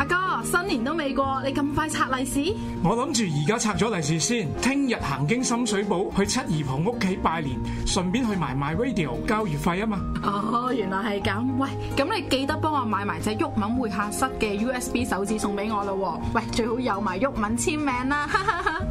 阿哥，新年都未過，你咁快拆利是？我諗住而家拆咗利是先，聽日行經深水埗去七姨婆屋企拜年，順便去埋 MyRadio 交月費啊嘛。哦，原來係咁。喂，咁你記得幫我買埋隻毓民會客室嘅 USB 手指送俾我咯。喂，最好有埋毓民簽名啦。哈哈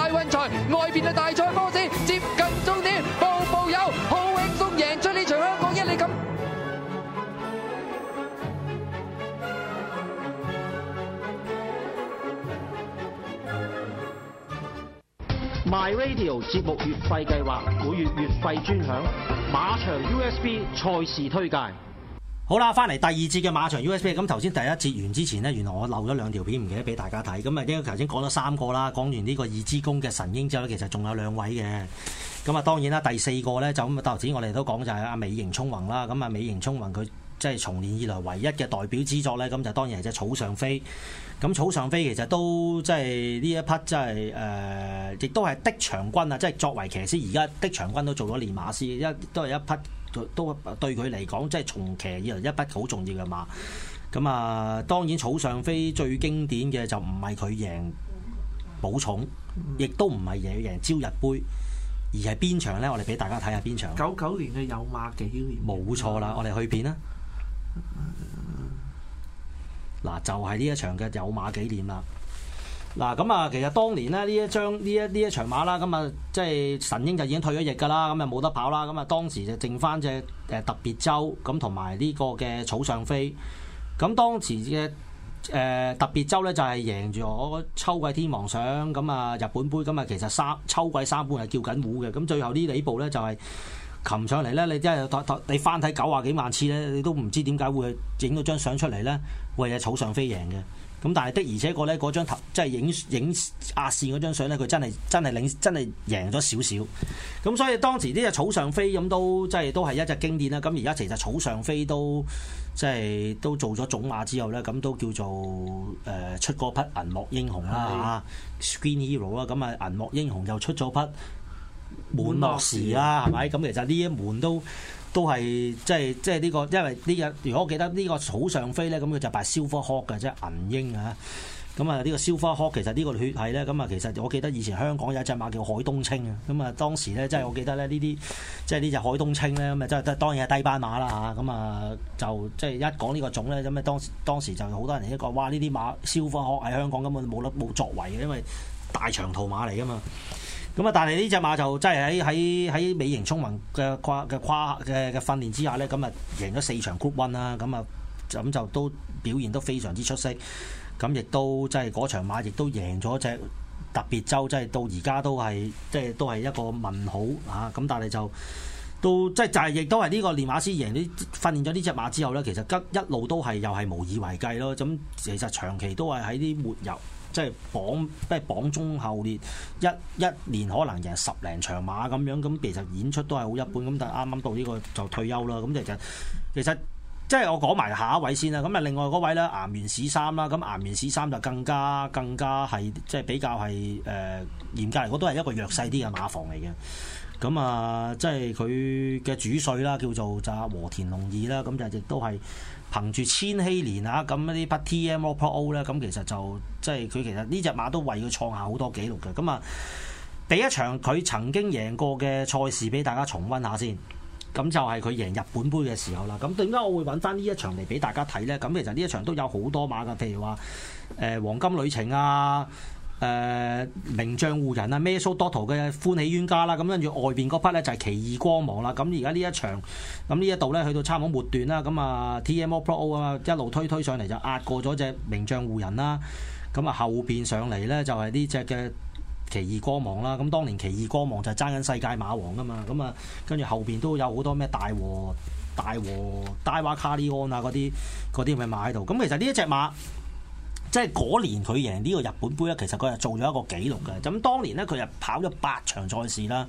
radio 節目月費計劃，每月月費專享馬場 USB 賽事推介。好啦，翻嚟第二節嘅馬場 USB。咁頭先第一節完之前呢，原來我漏咗兩條片唔記得俾大家睇。咁啊，因為頭先講咗三個啦。講完呢個二支公嘅神鷹之後呢，其實仲有兩位嘅。咁啊，當然啦，第四個呢，就咁啊。頭先我哋都講就係阿美形聰宏啦。咁啊，美形聰宏佢。即係從年以來唯一嘅代表之作咧，咁就當然係隻草上飛。咁草上飛其實都即係呢一匹，即係誒、就是呃，亦都係的場均啊！即係作為騎師，而家的場均都做咗練馬師，都一都係一匹，都對佢嚟講，即係從騎以來一匹好重要嘅馬。咁啊，當然草上飛最經典嘅就唔係佢贏寶塚，亦都唔係贏贏朝日杯，而係邊場咧？我哋俾大家睇下邊場。九九年嘅有馬記念冇錯啦，我哋去片啦。嗱、啊，就係、是、呢一場嘅有馬紀念啦。嗱，咁啊，其實當年咧，呢一張呢一呢一場馬啦，咁啊，即係神鷹就已經退咗役噶啦，咁啊冇得跑啦。咁啊，當時就剩翻隻誒特別週，咁同埋呢個嘅草上飛。咁、啊、當時嘅誒、呃、特別週咧，就係、是、贏咗秋季天王賞，咁啊日本杯，咁啊其實三秋季三冠係叫緊糊嘅。咁、啊、最後呢一步咧就係、是。擒上嚟咧，你真係你翻睇九啊幾萬次咧，你都唔知點解會影到張相出嚟咧？為嘅草上飛贏嘅，咁但係的而且個咧嗰張，張即係影影壓線嗰張相咧，佢真係真係領真係贏咗少少。咁所以當時呢隻草上飛咁都即係都係一隻經典啦。咁而家其實草上飛都即係都做咗種馬之後咧，咁都叫做誒、呃、出個匹銀幕英雄啦，吓的 Screen Hero 啊，咁啊銀幕英雄又出咗匹。滿樂時啦，啊，係咪？咁、嗯、其實呢一滿都都係即係即係、這、呢個，因為呢、這個如果我記得呢個草上飛咧，咁佢就擺燒花殼嘅即啫，銀鷹啊！咁啊呢個燒花殼，其實呢個血係咧，咁啊其實我記得以前香港有一隻馬叫海東青啊！咁啊當時咧，即、就、係、是、我記得咧呢啲即係呢隻海東青咧，咁啊即係當然係低班馬啦吓！咁啊就即係一講呢個種咧，咁啊當時當時就好多人已經講，哇呢啲馬燒花殼喺香港根本冇得冇作為嘅，因為大長途馬嚟噶嘛。咁啊！但係呢隻馬就真係喺喺喺美型聰明嘅跨嘅跨嘅嘅訓練之下呢，咁啊贏咗四場 group one 啦，咁啊咁就都表現得非常之出色。咁亦都即係嗰場馬亦都贏咗隻特別周，即係到而家都係即係都係一個問號啊！咁但係就但都即係就係亦都係呢個練馬師贏啲訓練咗呢隻馬之後呢，其實吉一路都係又係無以為繼咯。咁其實長期都係喺啲活油。即係榜，即係榜中後列一一年，可能贏十零場馬咁樣，咁其實演出都係好一般。咁但係啱啱到呢個就退休啦。咁、就是、其實其實即係我講埋下一位先啦。咁啊，另外嗰位咧，岩元市三啦，咁岩元市三就更加更加係即係比較係誒、呃、嚴格嚟講，都係一個弱勢啲嘅馬房嚟嘅。咁啊，即係佢嘅主帥啦，叫做就阿和田龍二啦，咁就亦、是、都係。憑住千禧年啊，咁一啲匹 TM Opera O 咧，咁其實就即係佢其實呢隻馬都為佢創下好多紀錄嘅。咁啊，第一場佢曾經贏過嘅賽事俾大家重溫下先。咁就係佢贏日本杯嘅時候啦。咁點解我會揾翻呢一場嚟俾大家睇呢？咁其實呢一場都有好多馬噶，譬如話誒黃金旅程啊。誒名將護人啊 m e s u Doto 嘅歡喜冤家啦，咁跟住外邊嗰匹咧就係奇異光芒啦。咁而家呢一場，咁呢一度咧去到差唔多末段啦，咁啊 TMO Pro 啊一路推推上嚟就壓過咗隻名將護人啦。咁啊後邊上嚟咧就係呢隻嘅奇異光芒啦。咁當年奇異光芒就係爭緊世界馬王噶嘛。咁啊跟住後邊都有好多咩大和大和 d i e v a k 啊嗰啲嗰啲咪嘅馬喺度。咁其實呢一隻馬。即係嗰年佢贏呢個日本杯咧，其實佢係做咗一個紀錄嘅。咁當年咧，佢係跑咗八場賽事啦，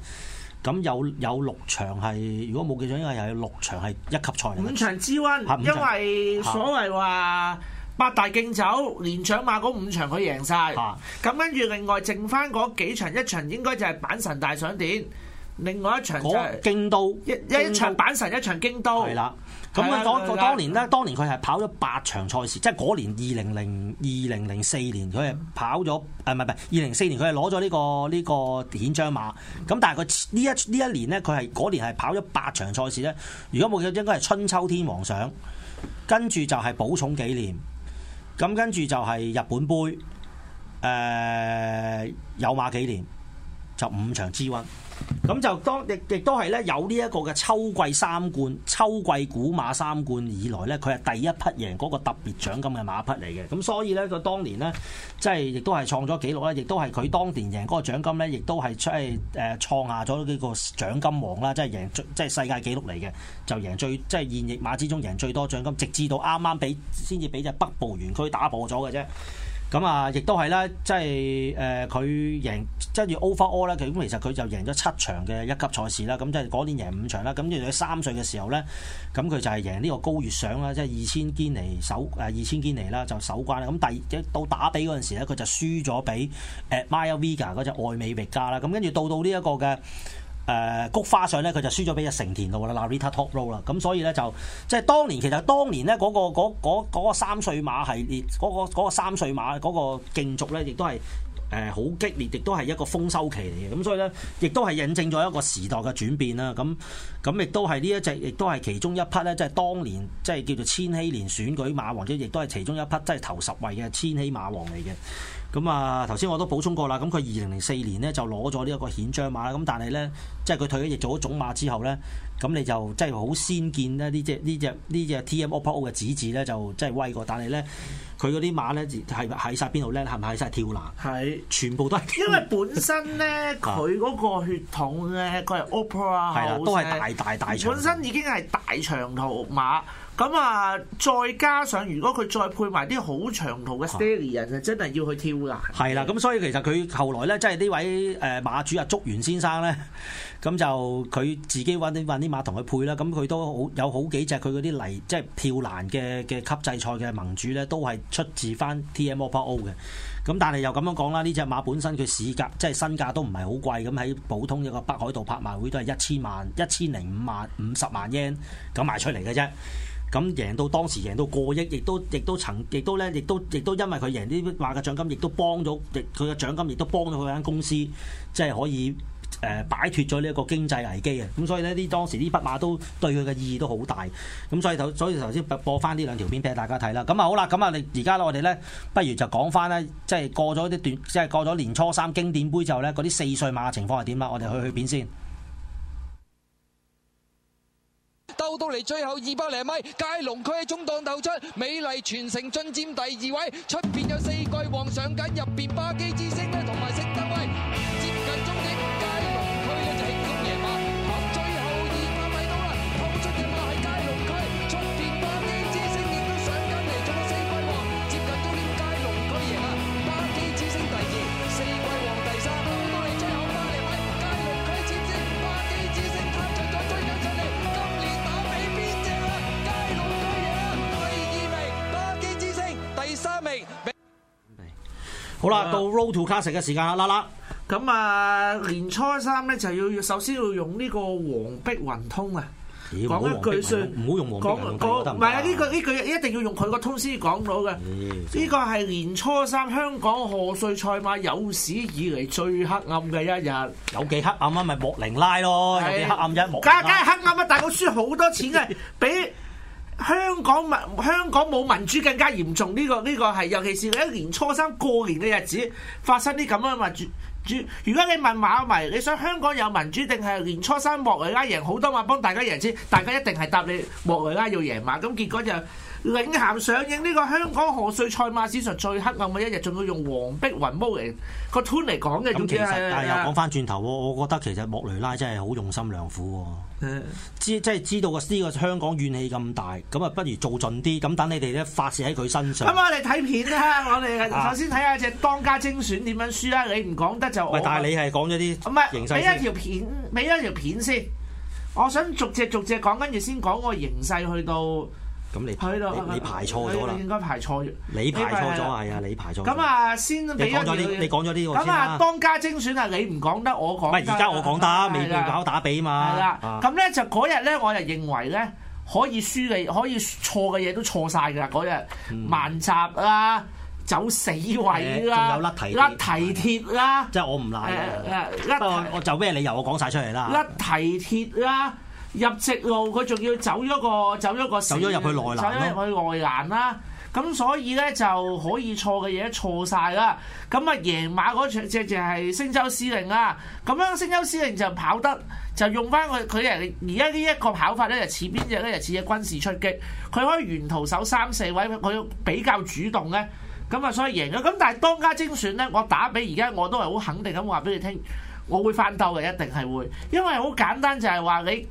咁有有六場係，如果冇記錯應該係六場係一級賽。五場之温，啊、因為所謂話八大競走，啊、連長馬嗰五場佢贏晒。咁、啊、跟住另外剩翻嗰幾場，一場應該就係阪神大賞典，另外一場就係京都，京都一一場阪神，一場京都。咁佢、嗯嗯、當年咧，嗯、當年佢係跑咗八場賽事，嗯、即係嗰年二零零二零零四年，佢係跑咗，誒，唔係唔係二零四年、這個，佢係攞咗呢個呢個顯彰馬。咁、嗯、但係佢呢一呢一年咧，佢係嗰年係跑咗八場賽事咧。如果冇記錯，應該係春秋天皇賞，跟住就係寶塚紀念，咁跟住就係日本杯，誒、呃、有馬紀念就五場 G1。咁就當亦亦都係咧，有呢一個嘅秋季三冠、秋季古馬三冠以來咧，佢係第一匹贏嗰個特別獎金嘅馬匹嚟嘅。咁所以咧，佢當年咧，即係亦都係創咗紀錄咧，亦都係佢當年贏嗰個獎金咧，亦都係即係誒創下咗呢個獎金王啦，即係贏即係世界紀錄嚟嘅，就贏最即係現役馬之中贏最多獎金，直至到啱啱俾先至俾隻北部園區打破咗嘅啫。咁啊，亦、嗯、都係啦，即係誒佢贏即係 over all 咧，其實佢就贏咗七場嘅一級賽事啦。咁即係嗰年贏五場啦。咁跟住佢三歲嘅時候咧，咁佢就係贏呢個高月賞啦，即係二千堅尼首誒二千堅尼啦，就、啊、首關啦。咁第一到打比嗰陣時咧，佢就輸咗俾誒馬爾維加嗰隻愛美域加啦。咁跟住到到呢一個嘅。誒、呃、菊花上咧，佢就輸咗俾阿成田路啦，Narita Top Road 啦，咁所以咧就即係當年其實當年咧、嗰、嗰個三歲馬系列，嗰個三歲馬嗰個競逐咧，亦都係誒好激烈，亦都係一個豐收期嚟嘅，咁所以咧亦都係印證咗一個時代嘅轉變啦。咁咁亦都係呢一隻，亦都係其中一匹咧，即係當年即係叫做千禧年選舉馬王，即亦都係其中一匹，即係頭十位嘅千禧馬王嚟嘅。咁啊，頭先我都補充過啦。咁佢二零零四年咧就攞咗呢一個顯將馬啦。咁但係咧，即係佢退咗役做咗種馬之後咧，咁你就即係好先見咧呢隻呢隻呢隻 T M o p p o 嘅子子咧就即係威過。但係咧，佢嗰啲馬咧係咪喺晒邊度咧？係咪喺晒跳欄？係是全部都係。因為本身咧佢嗰個血統咧，佢係 o p p o 啊，係啦、啊，都係大大大長。本身已經係大長途馬。咁啊，再加上如果佢再配埋啲好長途嘅 stayer 人，就真係要去跳欄。係啦，咁所以其實佢後來咧，即係呢位誒馬主阿竹源先生咧，咁就佢自己揾啲啲馬同佢配啦。咁佢都好有好幾隻，佢嗰啲嚟即係跳欄嘅嘅級制賽嘅盟主咧，都係出自翻 T M O P O 嘅。咁但係又咁樣講啦，呢隻馬本身佢市價即係身價都唔係好貴，咁喺普通一個北海道拍賣會都係一千萬、一千零五萬、五十萬 yen 咁賣出嚟嘅啫。咁贏到當時贏到過億，亦都亦都曾，亦都咧，亦都亦都因為佢贏呢筆馬嘅獎金，亦都幫咗，亦佢嘅獎金亦都幫咗佢間公司，即係可以誒擺脫咗呢一個經濟危機啊！咁所以咧，呢，當時呢匹馬都對佢嘅意義都好大。咁所以頭，所以頭先播翻呢兩條片俾大家睇啦。咁啊好啦，咁啊，你而家咧，我哋咧，不如就講翻咧，即係過咗啲段，即係過咗年初三經典杯之後咧，嗰啲四歲馬嘅情況係點啊？我哋去去片先。.鬥到嚟最後二百零米，佳龍區喺中檔鬥出，美麗全城進佔第二位，出邊有四季王上緊，入邊巴基之星咧同埋。好啦，到 Road to Classic 嘅時間啦啦。咁啊，年初三咧就要首先要用呢個黃碧雲通啊，講一句先，唔好用黃碧雲通。唔係啊，呢句一定要用佢個通先講到㗎。呢個係年初三香港賀歲賽馬有史以來最黑暗嘅一日。有幾黑暗啊？咪莫雷拉囉，有幾黑暗啊？梗係黑暗啊，大家輸好多錢啊。香港，香港冇民主更加嚴重，呢個呢個係，尤其是佢一年初三過年嘅日子發生啲咁樣嘛。主主，如果你問馬迷，你想香港有民主定係年初三莫雷拉贏好多馬幫大家贏錢，大家一定係答你莫雷拉要贏馬，咁結果就。領銜上映呢個香港賀歲賽馬史上最黑暗嘅一日，仲要用黃碧雲毛嚟個 turn 嚟講嘅，講總之其實但係又講翻轉頭，我覺得其實莫雷拉真係好用心良苦，知即係知道個呢個香港怨氣咁大，咁啊不如做盡啲，咁等你哋咧發泄喺佢身上。咁我哋睇片啦，我哋首先睇下隻當家精選點樣輸啦。你唔講得就但係你係講咗啲唔係，俾一條片，俾一條片先。我想逐隻逐隻講跟住先講個形勢去到。咁你你排錯咗啦，應該排錯。你排錯咗係啊，你排錯。咁啊，先你講咗呢，你講咗呢個先。咁啊，當家精選啊，你唔講得，我講。唔係而家我講得，未搞打比嘛。係啦，咁咧就嗰日咧，我就認為咧，可以輸你可以錯嘅嘢都錯晒㗎啦。嗰日慢閘啦，走死位啦，仲有甩蹄甩蹄鐵啦。即係我唔賴嘅。我就咩理由我講晒出嚟啦。甩蹄鐵啦。入直路佢仲要走咗個走咗個，走咗入去內欄，走咗入去外欄啦。咁所以咧就可以錯嘅嘢錯晒啦。咁啊贏馬嗰場隻就係星洲司令啊。咁樣星洲司令就跑得就用翻佢佢誒而家呢一個跑法咧，就似邊隻咧？就似隻軍事出擊，佢可以沿途守三四位，佢比較主動咧。咁啊所以贏咗。咁但係當家精選咧，我打俾而家我都係好肯定咁話俾你聽，我會翻鬥嘅一定係會，因為好簡單就係話你。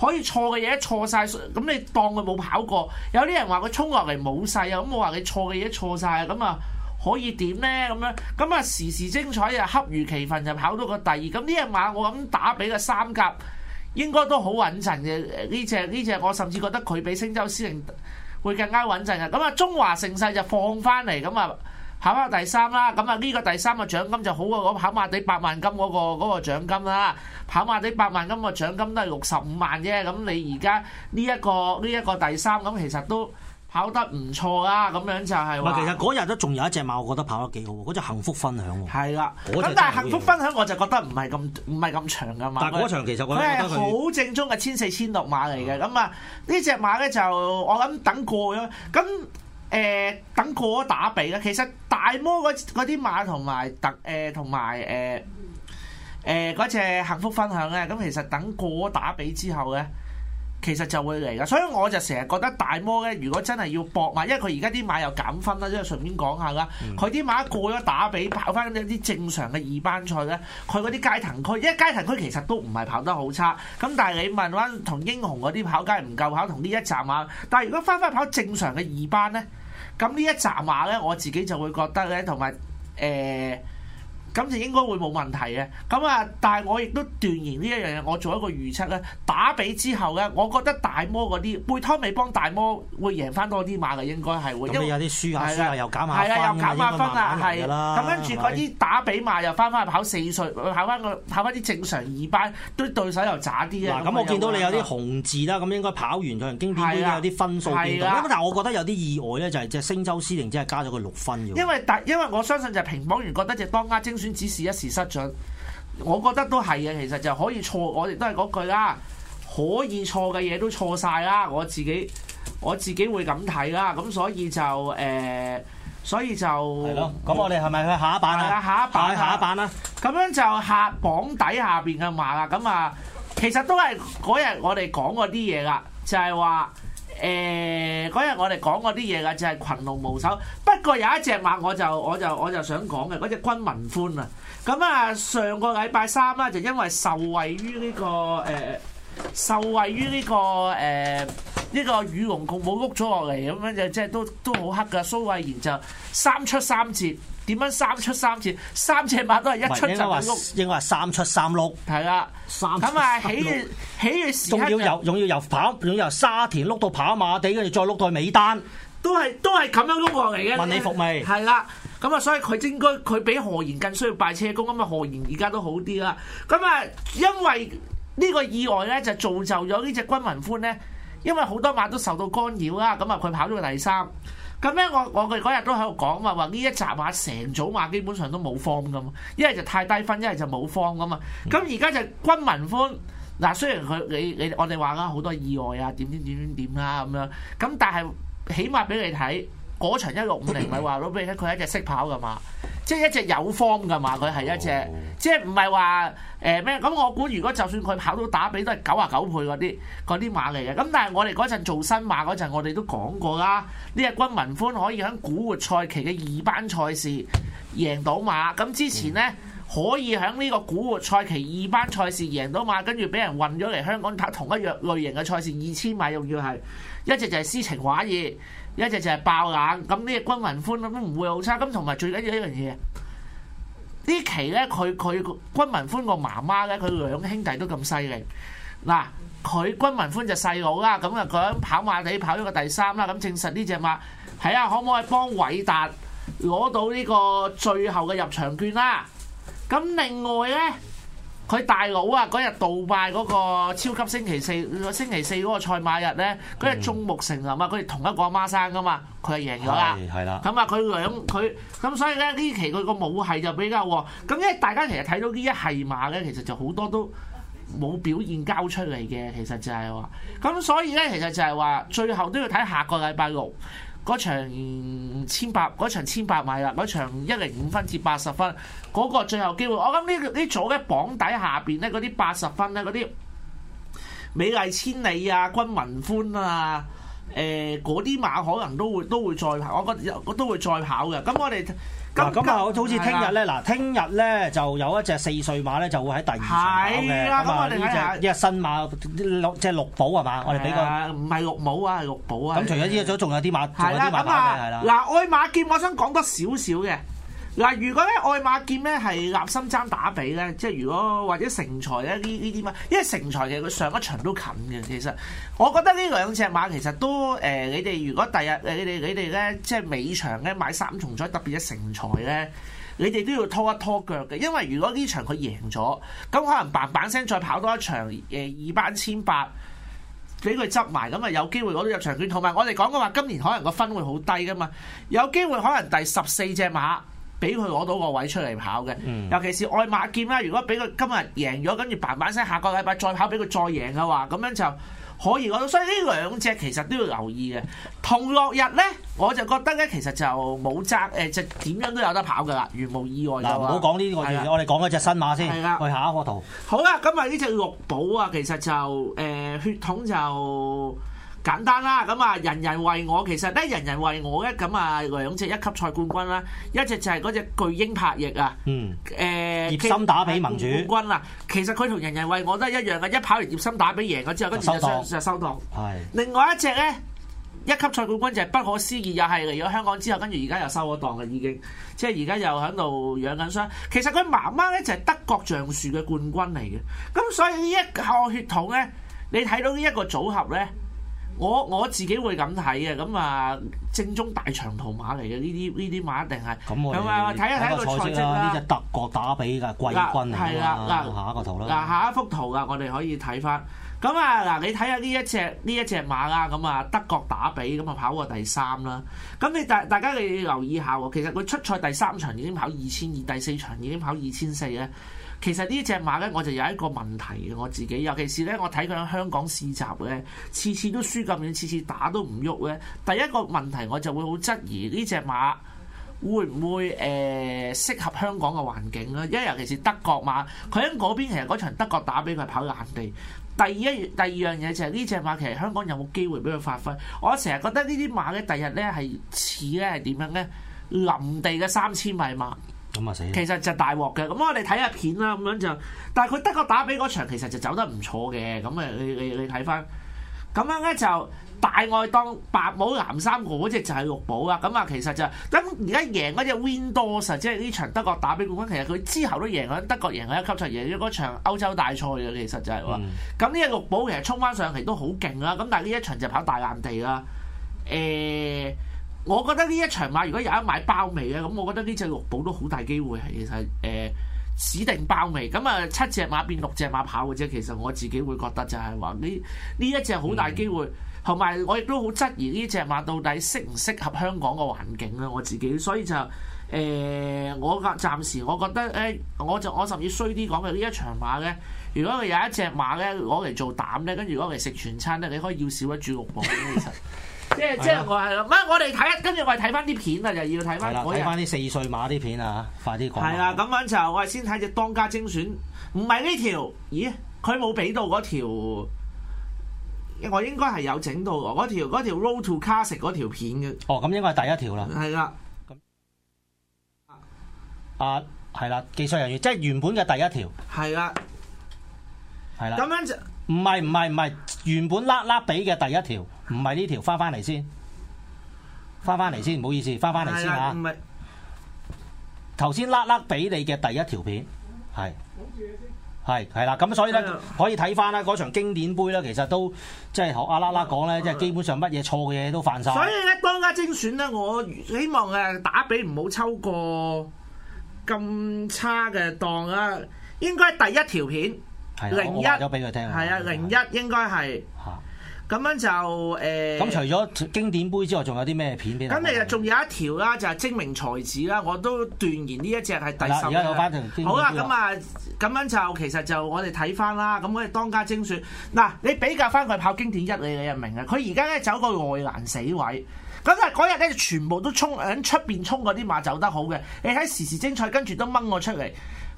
可以錯嘅嘢錯晒，咁你當佢冇跑過。有啲人話佢衝落嚟冇勢，啊，咁我話你錯嘅嘢錯晒。啊，咁啊可以點呢？咁樣咁啊時時精彩啊，恰如其分就跑到個第二。咁呢一晚我諗打俾個三甲，應該都好穩陣嘅。呢隻呢隻我甚至覺得佢比星洲司令會更加穩陣嘅。咁啊中華盛世就放翻嚟，咁啊。跑下第三啦，咁啊呢個第三個獎金就好過。咁跑馬地八萬金嗰、嗰個嗰、嗰個、獎金啦，跑馬地八萬金個獎金都係六十五萬啫。咁你而家呢一個呢一、呢個第三咁，其實都跑得唔錯啦。咁樣就係話，其實嗰日都仲有一隻馬，我覺得跑得幾好喎。嗰隻幸福分享喎。係啦的，咁但係幸福分享我就覺得唔係咁唔係咁長嘅嘛。但係嗰場其實我覺得好正宗嘅千四千六馬嚟嘅。咁啊呢隻馬咧就我諗等過咗咁。誒、呃、等過咗打比啦，其實大摩嗰啲馬同埋特誒同埋誒誒嗰隻幸福分享咧，咁其實等過咗打比之後咧，其實就會嚟噶。所以我就成日覺得大摩咧，如果真係要搏埋，因為佢而家啲馬又減分啦，即係順便講下啦。佢啲、嗯、馬過咗打比跑翻啲正常嘅二班賽咧，佢嗰啲階騰區，因為階騰區其實都唔係跑得好差。咁但係你問翻同英雄嗰啲跑階唔夠跑，同呢一站馬，但係如果翻翻跑正常嘅二班咧？咁呢一集話咧，我自己就會覺得咧，同埋誒。呃咁就應該會冇問題嘅，咁啊，但係我亦都斷言呢一樣嘢，我做一個預測咧，打比之後咧，我覺得大魔嗰啲背湯未幫大魔會贏翻多啲馬嘅，應該係會。咁你有啲輸下先啊，的又減下分。係啊，又減下分啦，係。咁跟住嗰啲打比馬又翻翻去跑四歲，的跑翻個跑翻啲正常二班，啲對手又渣啲嘅。嗱、啊，咁我見到你有啲的紅字啦，咁應該跑完佢經典杯有啲分數變動。係啊的，嗱的，但我覺得有啲意外咧，就係即係星州司令，即係加咗個六分因為因為我相信就係評磅員覺得就當家精。只是一時失準，我覺得都係嘅，其實就可以錯，我亦都係嗰句啦，可以錯嘅嘢都錯晒啦，我自己我自己會咁睇啦，咁所以就誒、呃，所以就係咯，咁我哋係咪去下一版啦、啊？下一版、啊，下一版啦、啊，咁、啊、樣就下榜底下邊嘅話啦，咁啊，其實都係嗰日我哋講嗰啲嘢啦，就係、是、話。誒嗰日我哋講嗰啲嘢啦，就係、是、群龍無首。不過有一隻馬我，我就我就我就想講嘅嗰隻軍民歡啊。咁啊，上個禮拜三啦、啊，就因為受惠於呢、這個誒、欸，受惠於呢、這個誒呢、欸這個與龍共舞，碌咗落嚟咁樣，就即係都都好黑噶。蘇慧賢就三出三捷。點樣三出三捷，三隻馬都係一出就喐。應該話應該話三出三碌。係啦的。咁啊，起起仲要由仲要由跑，仲要由沙田碌到跑馬地，跟住再碌到尾單，都係都係咁樣碌落嚟嘅。問你服未？係啦。咁啊，所以佢應該佢比何言更需要拜車公。咁啊，何言而家都好啲啦。咁啊，因為呢個意外咧，就造就咗呢隻軍民歡咧，因為好多馬都受到干擾啊。咁啊，佢跑咗個第三。咁咧，我我佢嗰日都喺度講嘛，話呢一集馬、啊、成組馬基本上都冇方嘛，一係就太低分，一係就冇方咁嘛。咁而家就軍民歡嗱、啊，雖然佢你你我哋話啦好多意外啊，點點點點點啦咁樣，咁但係起碼俾你睇嗰場一六五零，咪係話咯，俾你睇佢係一隻識跑嘅嘛。即係一隻有方嘅嘛，佢係一隻，oh. 即係唔係話誒咩？咁、呃、我估如果就算佢跑到打比都係九啊九倍嗰啲啲馬嚟嘅。咁但係我哋嗰陣做新馬嗰陣，我哋都講過啦。呢隻軍民歡可以喺古活賽期嘅二班賽事贏到馬。咁之前呢，可以喺呢個古活賽期二班賽事贏到馬，跟住俾人運咗嚟香港打同一樣類,類型嘅賽事二千米，又要係一隻就係詩情畫意。一隻就係爆冷，咁呢隻軍民歡都唔會好差。咁同埋最緊要一樣嘢，期呢期咧佢佢軍民歡個媽媽咧，佢兩兄弟都咁犀利。嗱，佢軍民歡就細佬啦，咁啊佢跑馬地跑咗個第三啦，咁證實呢隻馬。係啊，可唔可以幫韋達攞到呢個最後嘅入場券啦？咁另外咧。佢大佬啊，嗰日杜拜嗰個超級星期四，星期四嗰個賽馬日咧，嗰日、嗯、眾目成林啊，佢哋同一個媽，媽生噶嘛，佢係贏噶啦，係啦的。咁啊、嗯，佢兩佢咁所以咧呢期佢個母係就比較旺。咁因為大家其實睇到一係呢一係馬咧，其實就好多都冇表現交出嚟嘅，其實就係話，咁所以咧其實就係話，最後都要睇下個禮拜六。嗰場千百，嗰場千百米啦，嗰場一零五分至八十分，嗰、嗰個最後機會。我諗呢呢組嘅榜底下邊呢，嗰啲八十分呢，嗰啲美麗千里啊、軍民歡啊、誒嗰啲馬可能都會都會再跑，我覺得都會再跑嘅。咁我哋。咁啊，好似聽日咧，嗱聽日咧就有一隻四歲馬咧就會喺第二場，係啦，咁我哋呢隻新馬六，即係六寶係嘛？我哋俾個唔係六帽啊，係六寶啊。咁除咗呢隻，仲有啲馬，仲有啲馬馬係啦。嗱，愛馬劍，我想講多少少嘅。嗱、啊，如果咧愛馬劍咧係立心爭打比咧，即係如果或者成才咧呢呢啲馬，因為成才其實佢上一場都近嘅。其實我覺得呢兩隻馬其實都誒、呃，你哋如果第日你哋你哋咧即係尾場咧買三重彩，特別係成才咧，你哋都要拖一拖腳嘅，因為如果呢場佢贏咗，咁可能砰砰聲再跑多一場誒二班千八俾佢執埋，咁、呃、啊，有機會攞到入場券。同埋我哋講過話，今年可能個分會好低噶嘛，有機會可能第十四隻馬。俾佢攞到個位出嚟跑嘅，嗯、尤其是愛馬劍啦。如果俾佢今日贏咗，跟住砰板聲，下個禮拜再跑俾佢再贏嘅話，咁樣就可以。所以呢兩隻其實都要留意嘅。同落日咧，我就覺得咧，其實就冇責誒，就點樣都有得跑噶啦，如無意外就。嗱、啊，唔好講呢啲，我哋我哋講一隻新馬先，的的去下一幅圖。好啦，咁啊呢隻綠寶啊，其實就誒、呃、血統就。簡單啦，咁啊，人人為我其實咧，人人為我咧咁啊，兩隻一級賽冠軍啦，一隻就係嗰隻巨鷹拍翼啊，嗯，欸、葉森打比盟主冠軍啦。其實佢同人人為我都係一樣嘅，一跑完葉森打比贏咗之後，跟住就，就收檔，就收檔的。另外一隻咧，一級賽冠軍就係不可思議，又係嚟咗香港之後，跟住而家又收咗檔嘅已經，即係而家又喺度養緊傷。其實佢媽媽咧就係、係、德國橡樹嘅冠軍嚟嘅，咁所以呢一個血統咧，你睇到呢一個組合咧。我我自己會咁睇嘅，咁啊，正宗大長途馬嚟嘅，呢啲呢啲馬一定係咁啊，睇下睇佢賽績，呢隻德國打比嘅季軍係啦，嗱，下一幅圖啦，嗱，下一幅圖啊，我哋可以睇翻，咁啊，嗱，你睇下呢一隻呢一隻馬啊。咁啊，德國打比咁啊，跑過第三啦。咁你大，大家你要留意下喎，其實佢出賽第三場已經跑二千二，第四場已經跑二千四咧。其實呢隻馬呢，我就有一個問題嘅我自己，尤其是呢，我睇佢喺香港試閘呢，次次都輸咁遠，次次打都唔喐呢，第一個問題我就會好質疑呢隻馬會唔會誒、呃、適合香港嘅環境呢？因為尤其是德國馬，佢喺嗰邊其實嗰場德國打比佢跑硬地。第二第二樣嘢就係呢隻馬其實香港有冇機會俾佢發揮？我成日覺得呢啲馬咧，第日呢，係似咧係點樣呢？林地嘅三千米馬。其實就大鑊嘅，咁我哋睇下片啦，咁樣就，但係佢德國打比嗰場其實就走得唔錯嘅，咁誒你你你睇翻，咁樣咧就大愛當白帽藍三個嗰隻就係綠寶啊，咁啊其實就，咁而家贏嗰隻 Windows 即係呢場德國打比冠軍，其實佢之後都贏咗，德國贏咗一級賽贏咗嗰場歐洲大賽嘅，其實就係、是、喎，咁呢一綠寶其實衝翻上嚟都好勁啦，咁但係呢一場就跑大爛地啦，誒、欸。我覺得呢一場馬如果有一買包尾咧，咁我覺得呢隻玉寶都好大機會係其實誒指、呃、定包尾咁啊七隻馬變六隻馬跑嘅啫，其實我自己會覺得就係話呢呢一隻好大機會，同埋、嗯、我亦都好質疑呢隻馬到底適唔適合香港嘅環境咧。我自己所以就誒、呃，我暫時我覺得咧、欸，我就我甚至衰啲講嘅呢一場馬咧，如果佢有一隻馬咧攞嚟做膽咧，跟住攞嚟食全餐咧，你可以要少一注玉寶其實。 即係即係我係咯，唔係我哋睇，跟住我哋睇翻啲片啊，就要睇翻睇翻啲四歲馬啲片啊，快啲講。係啦，咁樣就我哋先睇隻當家精選，唔係呢條，咦，佢冇俾到嗰條，我應該係有整到嗰條嗰條 Road to Classic 嗰條片嘅。哦，咁應該係第一條啦。係啦的。阿係啦，技術人員即係原本嘅第一條。係啦的。係啦的。咁樣就唔係唔係唔係，原本 LakLak 俾嘅第一條。唔係呢條，翻翻嚟先，翻翻嚟先，唔好意思，翻翻嚟先嚇。頭先甩甩俾你嘅第一條片，係係係啦。咁所以咧，可以睇翻啦嗰場經典杯啦。其實都即係同阿甩甩講咧，即係基本上乜嘢錯嘅嘢都犯晒。所以咧，當家精選咧，我希望誒打比唔好抽過咁差嘅檔啦。應該第一條片，零一的，咗俾佢聽係啊，零一應該係。咁樣就誒，咁、欸嗯、除咗經典杯之外，仲有啲咩片啲啊？咁誒，仲有一條啦，就係精明才子啦，我都斷言呢一隻係第十一。家翻好啦，咁啊，咁樣就其實就我哋睇翻啦。咁我哋當家精選嗱，你比較翻佢跑經典一，你你又明啊？佢而家咧走個外欄死位，咁啊嗰日咧全部都衝響出邊衝嗰啲馬走得好嘅，你喺時時精彩跟住都掹我出嚟，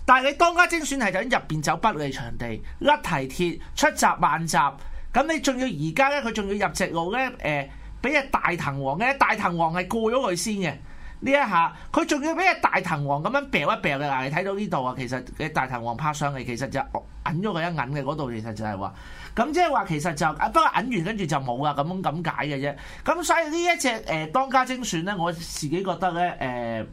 但係你當家精選係喺入邊走不利場地，甩蹄鐵出閘慢閘。咁你仲要而家咧，佢仲要入直路咧，誒、呃，俾隻大藤王咧，大藤王係過咗佢先嘅。呢一下佢仲要俾隻大藤王咁樣掉一掉嘅，嗱，你睇到呢度啊，其實嘅大藤王拍上去，其實就揞咗佢一揞嘅，嗰度其實就係話，咁即係話其實就，不過揞完跟住就冇啦，咁樣咁解嘅啫。咁所以呢一隻誒、呃、當家精選咧，我自己覺得咧，誒、呃。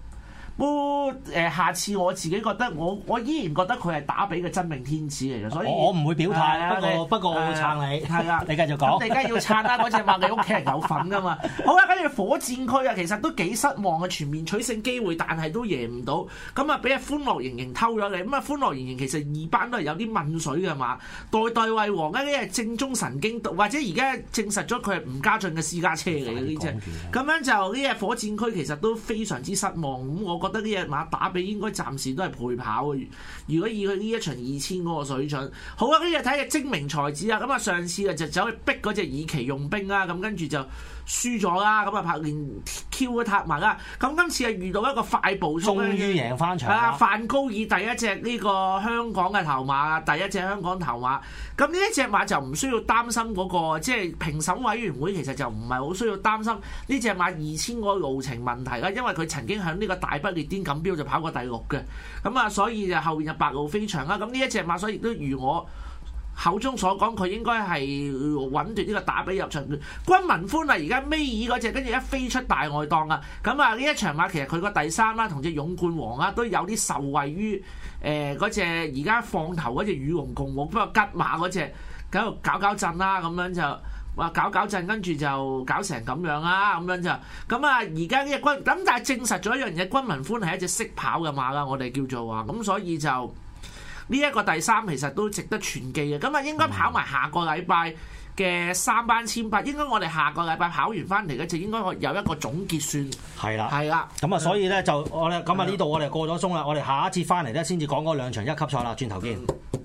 哦，下次我自己覺得我我依然覺得佢係打比嘅真命天子嚟嘅，所以我唔會表態啦。啊、不過你不過我會撐你，係啊，你繼續講。我哋梗係要撐啦，嗰隻馬你屋企人有份㗎嘛。好啦、啊，跟住火箭區啊，其實都幾失望啊，全面取勝機會，但係都贏唔到。咁啊，俾阿歡樂盈盈偷咗你。咁、嗯、啊，歡樂盈盈其實二班都係有啲問水嘅嘛。代代為王啊，呢啲係正宗神經，或者而家證實咗佢係吳家俊嘅私家車嚟嘅呢隻。咁、嗯、樣就呢隻火箭區其實都非常之失望。咁我覺得呢隻馬打比應該暫時都係陪跑嘅，如果以佢呢一場二千嗰個水準，好啊，呢日睇嘅精明才子啊，咁啊上次啊就走去逼嗰隻以奇用兵啊，咁跟住就。輸咗啦，咁啊拍連 Q 都塌埋啦。咁今次啊遇到一個快步衝，終於贏翻場。啊，范高爾第一隻呢個香港嘅頭馬，第一隻香港頭馬。咁呢一隻馬就唔需要擔心嗰、嗰個，即係評審委員會其實就唔係好需要擔心呢隻馬二千個路程問題啦，因為佢曾經響呢個大不列顛錦標就跑過第六嘅。咁啊，所以就後邊就白露飛翔啦。咁呢一隻馬所以都如我，口中所講，佢應該係穩奪呢個打比入場。軍民歡啊，而家尾二嗰隻，跟住一飛出大外檔啊！咁啊，呢一場馬其實佢個第三啦，同隻勇冠王啊，都有啲受惠於誒嗰隻而家放頭嗰隻與龍共舞，不過吉馬嗰隻喺度搞搞震啦、啊，咁樣就哇搞搞震，跟住就搞成咁樣啦、啊，咁樣就咁啊！而家呢隻軍，咁但係證實咗一樣嘢，軍民歡係一隻識跑嘅馬啦，我哋叫做話，咁所以就。呢一個第三其實都值得存記嘅，咁啊應該跑埋下個禮拜嘅三班千八，應該我哋下個禮拜跑完翻嚟咧，就應該有一個總結算。係啦，係啦，咁啊啦所以呢，就我哋。咁啊呢度我哋過咗鐘啦，這這我哋下一次翻嚟呢，先至講嗰兩場一級賽啦，轉頭見。嗯